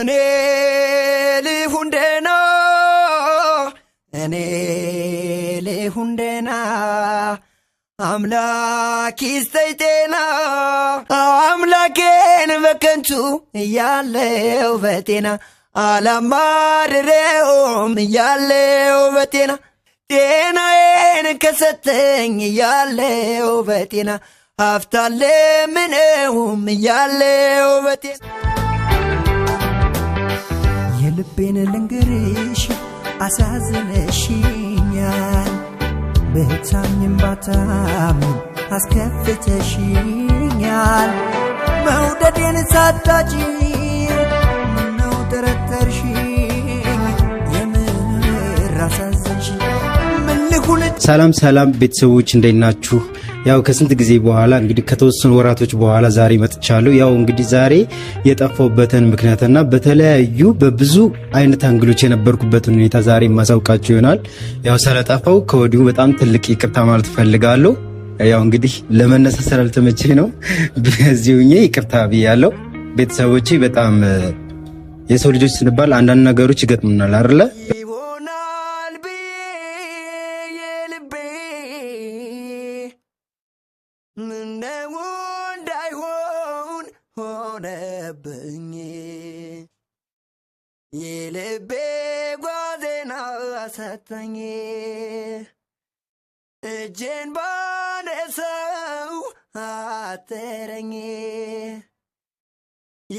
እኔ ልሁን ደህና እኔ ልሁን ደህና አምላክ ይስጠኝ ጤና አምላኬን በከንቱ እያለው በጤና አላማድሬውም እያለው በጤና ጤናዬን ከሰጠኝ እያለው በጤና ሀብታለምነውም እያለው በጤና ልቤን ልንገርሽ አሳዝነሽኛል ብታምኝም ባታምን አስከፍተሽኛል መውደዴን ሳዳጂ ምነው ጠረጠርሽኝ ሰላም ሰላም ቤተሰቦች እንዴት ናችሁ? ያው ከስንት ጊዜ በኋላ እንግዲህ ከተወሰኑ ወራቶች በኋላ ዛሬ መጥቻለሁ። ያው እንግዲህ ዛሬ የጠፋሁበትን ምክንያትና በተለያዩ በብዙ አይነት አንግሎች የነበርኩበትን ሁኔታ ዛሬ ማሳውቃችሁ ይሆናል። ያው ስለጠፋው ከወዲሁ በጣም ትልቅ ይቅርታ ማለት እፈልጋለሁ። ያው እንግዲህ ለመነሳት ስላልተመቸኝ ነው በዚህ ሁኜ ይቅርታ ብያለሁ። ቤተሰቦቼ በጣም የሰው ልጆች ስንባል አንዳንድ ነገሮች ይገጥሙናል አይደለ? ፈታኝ እጄን ባነሳው አተረኝ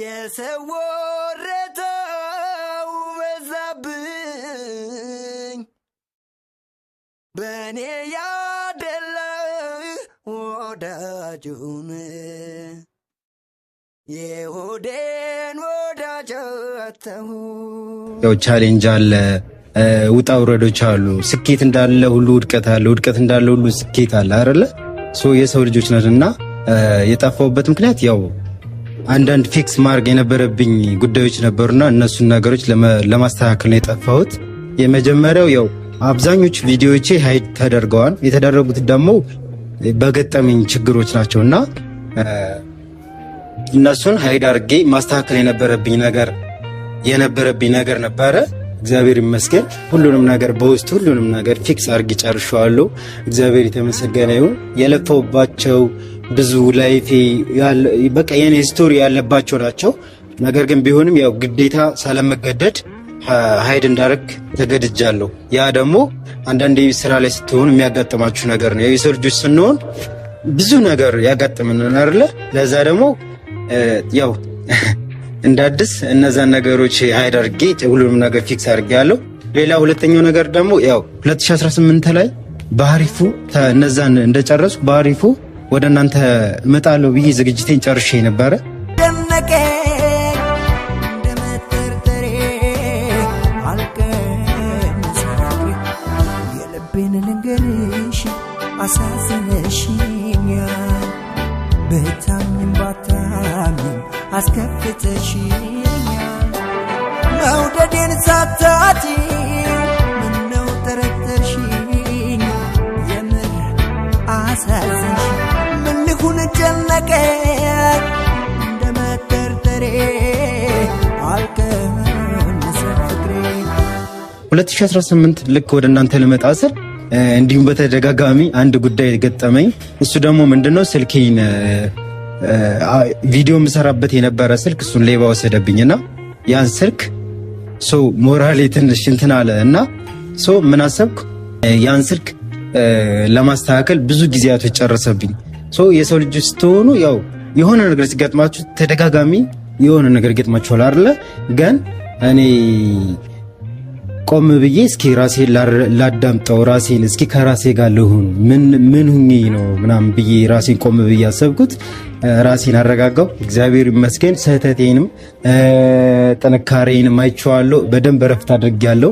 የሰው ወረታው በዛብኝ በእኔ ያደላ ወዳጁን የሆዴን ወዳጅ አጣሁ። ያው ቻሌንጅ አለ ውጣ ውረዶች አሉ። ስኬት እንዳለ ሁሉ ውድቀት አለ፣ ውድቀት እንዳለ ሁሉ ስኬት አለ አይደለ? የሰው ልጆች ነን እና የጠፋውበት ምክንያት ያው አንዳንድ ፊክስ ማድረግ የነበረብኝ ጉዳዮች ነበሩና እነሱን ነገሮች ለማስተካከል ነው የጠፋሁት። የመጀመሪያው ያው አብዛኞቹ ቪዲዮዎቼ ሀይድ ተደርገዋል። የተደረጉት ደግሞ በገጠመኝ ችግሮች ናቸው እና እነሱን ሀይድ አድርጌ ማስተካከል የነበረብኝ ነገር የነበረብኝ ነገር ነበረ እግዚአብሔር ይመስገን ሁሉንም ነገር በውስጥ ሁሉንም ነገር ፊክስ አርግ ጨርሸዋለሁ። እግዚአብሔር የተመሰገነ ይሁን። የለፈውባቸው ብዙ ላይፌ በቃ የኔ ስቶሪ ያለባቸው ናቸው። ነገር ግን ቢሆንም ያው ግዴታ ሳለመገደድ ሀይድ እንዳደረግ ተገድጃለሁ። ያ ደግሞ አንዳንዴ ስራ ላይ ስትሆን የሚያጋጥማችሁ ነገር ነው። የሰው ልጆች ስንሆን ብዙ ነገር ያጋጥምናል አይደለ? ለዛ ደግሞ ያው እንደ አዲስ እነዛን ነገሮች ሀይድ አድርጌ ሁሉንም ነገር ፊክስ አድርጌ ሌላ ሁለተኛው ነገር ደግሞ ያው 2018 ላይ በአሪፉ እነዛን እንደጨረሱ በአሪፉ ወደ እናንተ እመጣለሁ ብዬ ዝግጅቴን ጨርሼ ነበረ። ደመቀ አስከፍተሽኛል መውደዴን ሳታቲ ምነው የምር አሳዘንሽ ምን ልሁን እንደ 2018 ልክ ወደ እናንተ ልመጣ ስር እንዲሁም በተደጋጋሚ አንድ ጉዳይ ገጠመኝ። እሱ ደግሞ ምንድነው ስልኬን ቪዲዮ የምሰራበት የነበረ ስልክ እሱን ሌባ ወሰደብኝና ያን ስልክ ሰው ሞራሌ ትንሽ እንትን አለ እና ሰው ምን አሰብኩ ያን ስልክ ለማስተካከል ብዙ ጊዜያቶች ጨረሰብኝ። ሶ የሰው ልጅ ስትሆኑ ያው የሆነ ነገር ሲገጥማችሁ ተደጋጋሚ የሆነ ነገር ይገጥማችኋል አይደለ? ግን እኔ ቆም ብዬ እስኪ ራሴን ላዳምጠው፣ ራሴን እስኪ ከራሴ ጋር ልሁን፣ ምን ምን ሁኜ ነው ምናምን ብዬ ራሴን ቆም ብዬ አሰብኩት። ራሴን አረጋጋው። እግዚአብሔር ይመስገን። ስህተቴንም ጥንካሬንም አይቼዋለሁ። በደንብ እረፍት አድርጌያለሁ።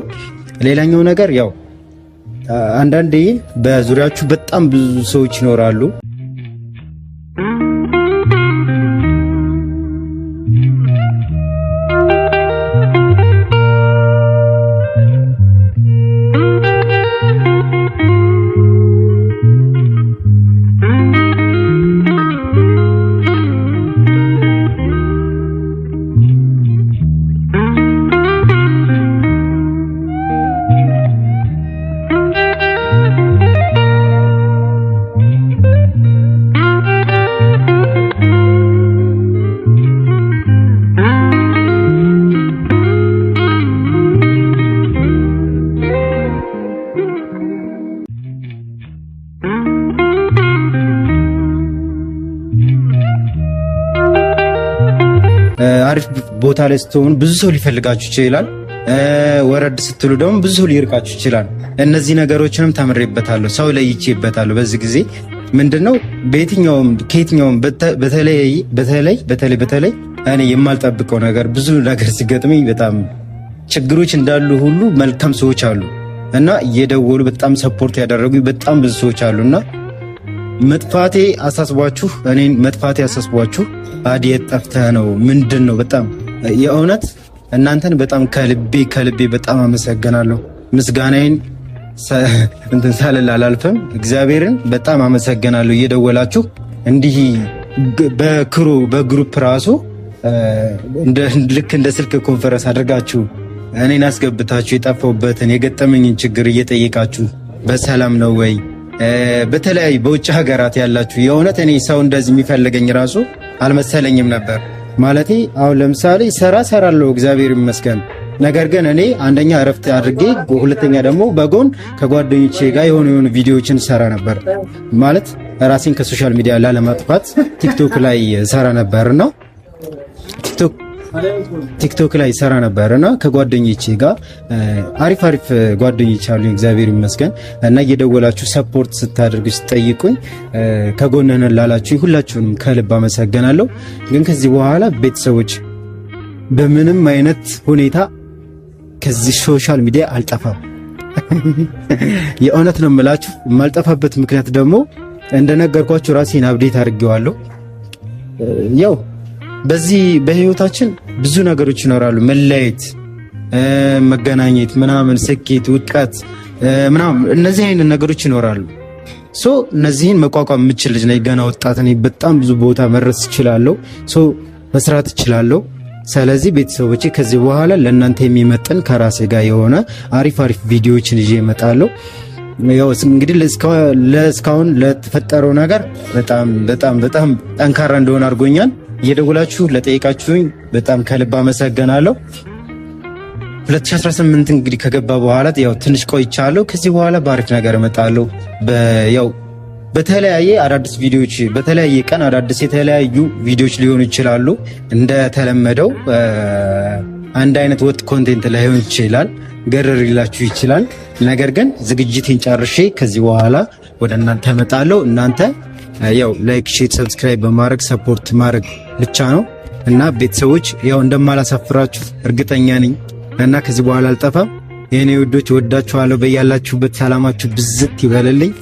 ሌላኛው ነገር ያው አንዳንዴ በዙሪያችሁ በጣም ብዙ ሰዎች ይኖራሉ። ቦታ ላይ ስትሆኑ ብዙ ሰው ሊፈልጋችሁ ይችላል። ወረድ ስትሉ ደግሞ ብዙ ሰው ሊርቃችሁ ይችላል። እነዚህ ነገሮችንም ተምሬበታለሁ፣ ሰው ለይቼበታለሁ። በዚህ ጊዜ ምንድነው በየትኛውም ከየትኛውም በተለይ በተለይ በተለይ በተለይ እኔ የማልጠብቀው ነገር ብዙ ነገር ሲገጥመኝ በጣም ችግሮች እንዳሉ ሁሉ መልካም ሰዎች አሉ እና እየደወሉ በጣም ሰፖርት ያደረጉ በጣም ብዙ ሰዎች እና መጥፋቴ አሳስቧችሁ እኔን መጥፋቴ አሳስቧችሁ አዲየት ጠፍተህ ነው ምንድን ነው በጣም የእውነት እናንተን በጣም ከልቤ ከልቤ በጣም አመሰግናለሁ። ምስጋናዬን እንትን ሳልል አላልፍም። እግዚአብሔርን በጣም አመሰግናለሁ። እየደወላችሁ እንዲህ በክሩ በግሩፕ ራሱ ልክ እንደ ስልክ ኮንፈረንስ አድርጋችሁ እኔን አስገብታችሁ የጠፋሁበትን የገጠመኝን ችግር እየጠየቃችሁ በሰላም ነው ወይ በተለያዩ በውጭ ሀገራት ያላችሁ የእውነት እኔ ሰው እንደዚህ የሚፈልገኝ ራሱ አልመሰለኝም ነበር። ማለቴ አሁን ለምሳሌ ሰራ ሰራለሁ እግዚአብሔር ይመስገን። ነገር ግን እኔ አንደኛ እረፍት አድርጌ፣ ሁለተኛ ደግሞ በጎን ከጓደኞቼ ጋር የሆኑ የሆኑ ቪዲዮዎችን ሰራ ነበር ማለት ራሴን ከሶሻል ሚዲያ ላለማጥፋት ቲክቶክ ላይ ሰራ ነበር ነው። ቲክቶክ ቲክቶክ ላይ ይሰራ ነበር እና ከጓደኞቼ ጋር አሪፍ አሪፍ ጓደኞች አሉ፣ እግዚአብሔር ይመስገን እና እየደወላችሁ ሰፖርት ስታደርጉ ስጠይቁኝ ከጎነነን ላላችሁ ሁላችሁንም ከልብ አመሰግናለሁ። ግን ከዚህ በኋላ ቤተሰቦች በምንም አይነት ሁኔታ ከዚህ ሶሻል ሚዲያ አልጠፋም። የእውነት ነው የምላችሁ። የማልጠፋበት ምክንያት ደግሞ እንደነገርኳችሁ ራሴን አብዴት አድርጌዋለሁ ያው በዚህ በህይወታችን ብዙ ነገሮች ይኖራሉ። መለያየት፣ መገናኘት፣ ምናምን፣ ስኬት፣ ውድቀት ምናምን እነዚህ አይነት ነገሮች ይኖራሉ። ሶ እነዚህን መቋቋም የምችል ልጅ ነኝ። ገና ወጣት ነኝ። በጣም ብዙ ቦታ መድረስ እችላለሁ። ሶ መስራት እችላለሁ። ስለዚህ ቤተሰቦቼ ከዚህ በኋላ ለእናንተ የሚመጥን ከራሴ ጋር የሆነ አሪፍ አሪፍ ቪዲዮዎችን ይዤ እመጣለሁ። እንግዲህ እስካሁን ለተፈጠረው ነገር በጣም በጣም በጣም ጠንካራ እንደሆነ አድርጎኛል። እየደወላችሁ ለጠየቃችሁኝ በጣም ከልብ አመሰግናለሁ። 2018 እንግዲህ ከገባ በኋላ ያው ትንሽ ቆይቻለሁ። ከዚህ በኋላ ባሪክ ነገር እመጣለሁ። ያው በተለያየ አዳዲስ ቪዲዮዎች በተለያየ ቀን አዳዲስ የተለያዩ ቪዲዮዎች ሊሆኑ ይችላሉ። እንደተለመደው አንድ አይነት ወጥ ኮንቴንት ላይሆን ይችላል፣ ገረርላችሁ ሊላችሁ ይችላል። ነገር ግን ዝግጅቴን ጨርሼ ከዚህ በኋላ ወደ እናንተ እመጣለሁ። እናንተ ያው ላይክ፣ ሼር፣ ሰብስክራይብ በማድረግ ሰፖርት ማድረግ ብቻ ነው እና ቤተሰቦች ያው እንደማላሳፍራችሁ እርግጠኛ ነኝ እና ከዚህ በኋላ አልጠፋም። የእኔ ውዶች ወዳችኋለሁ። በያላችሁበት ሰላማችሁ ብዝት ይበልልኝ።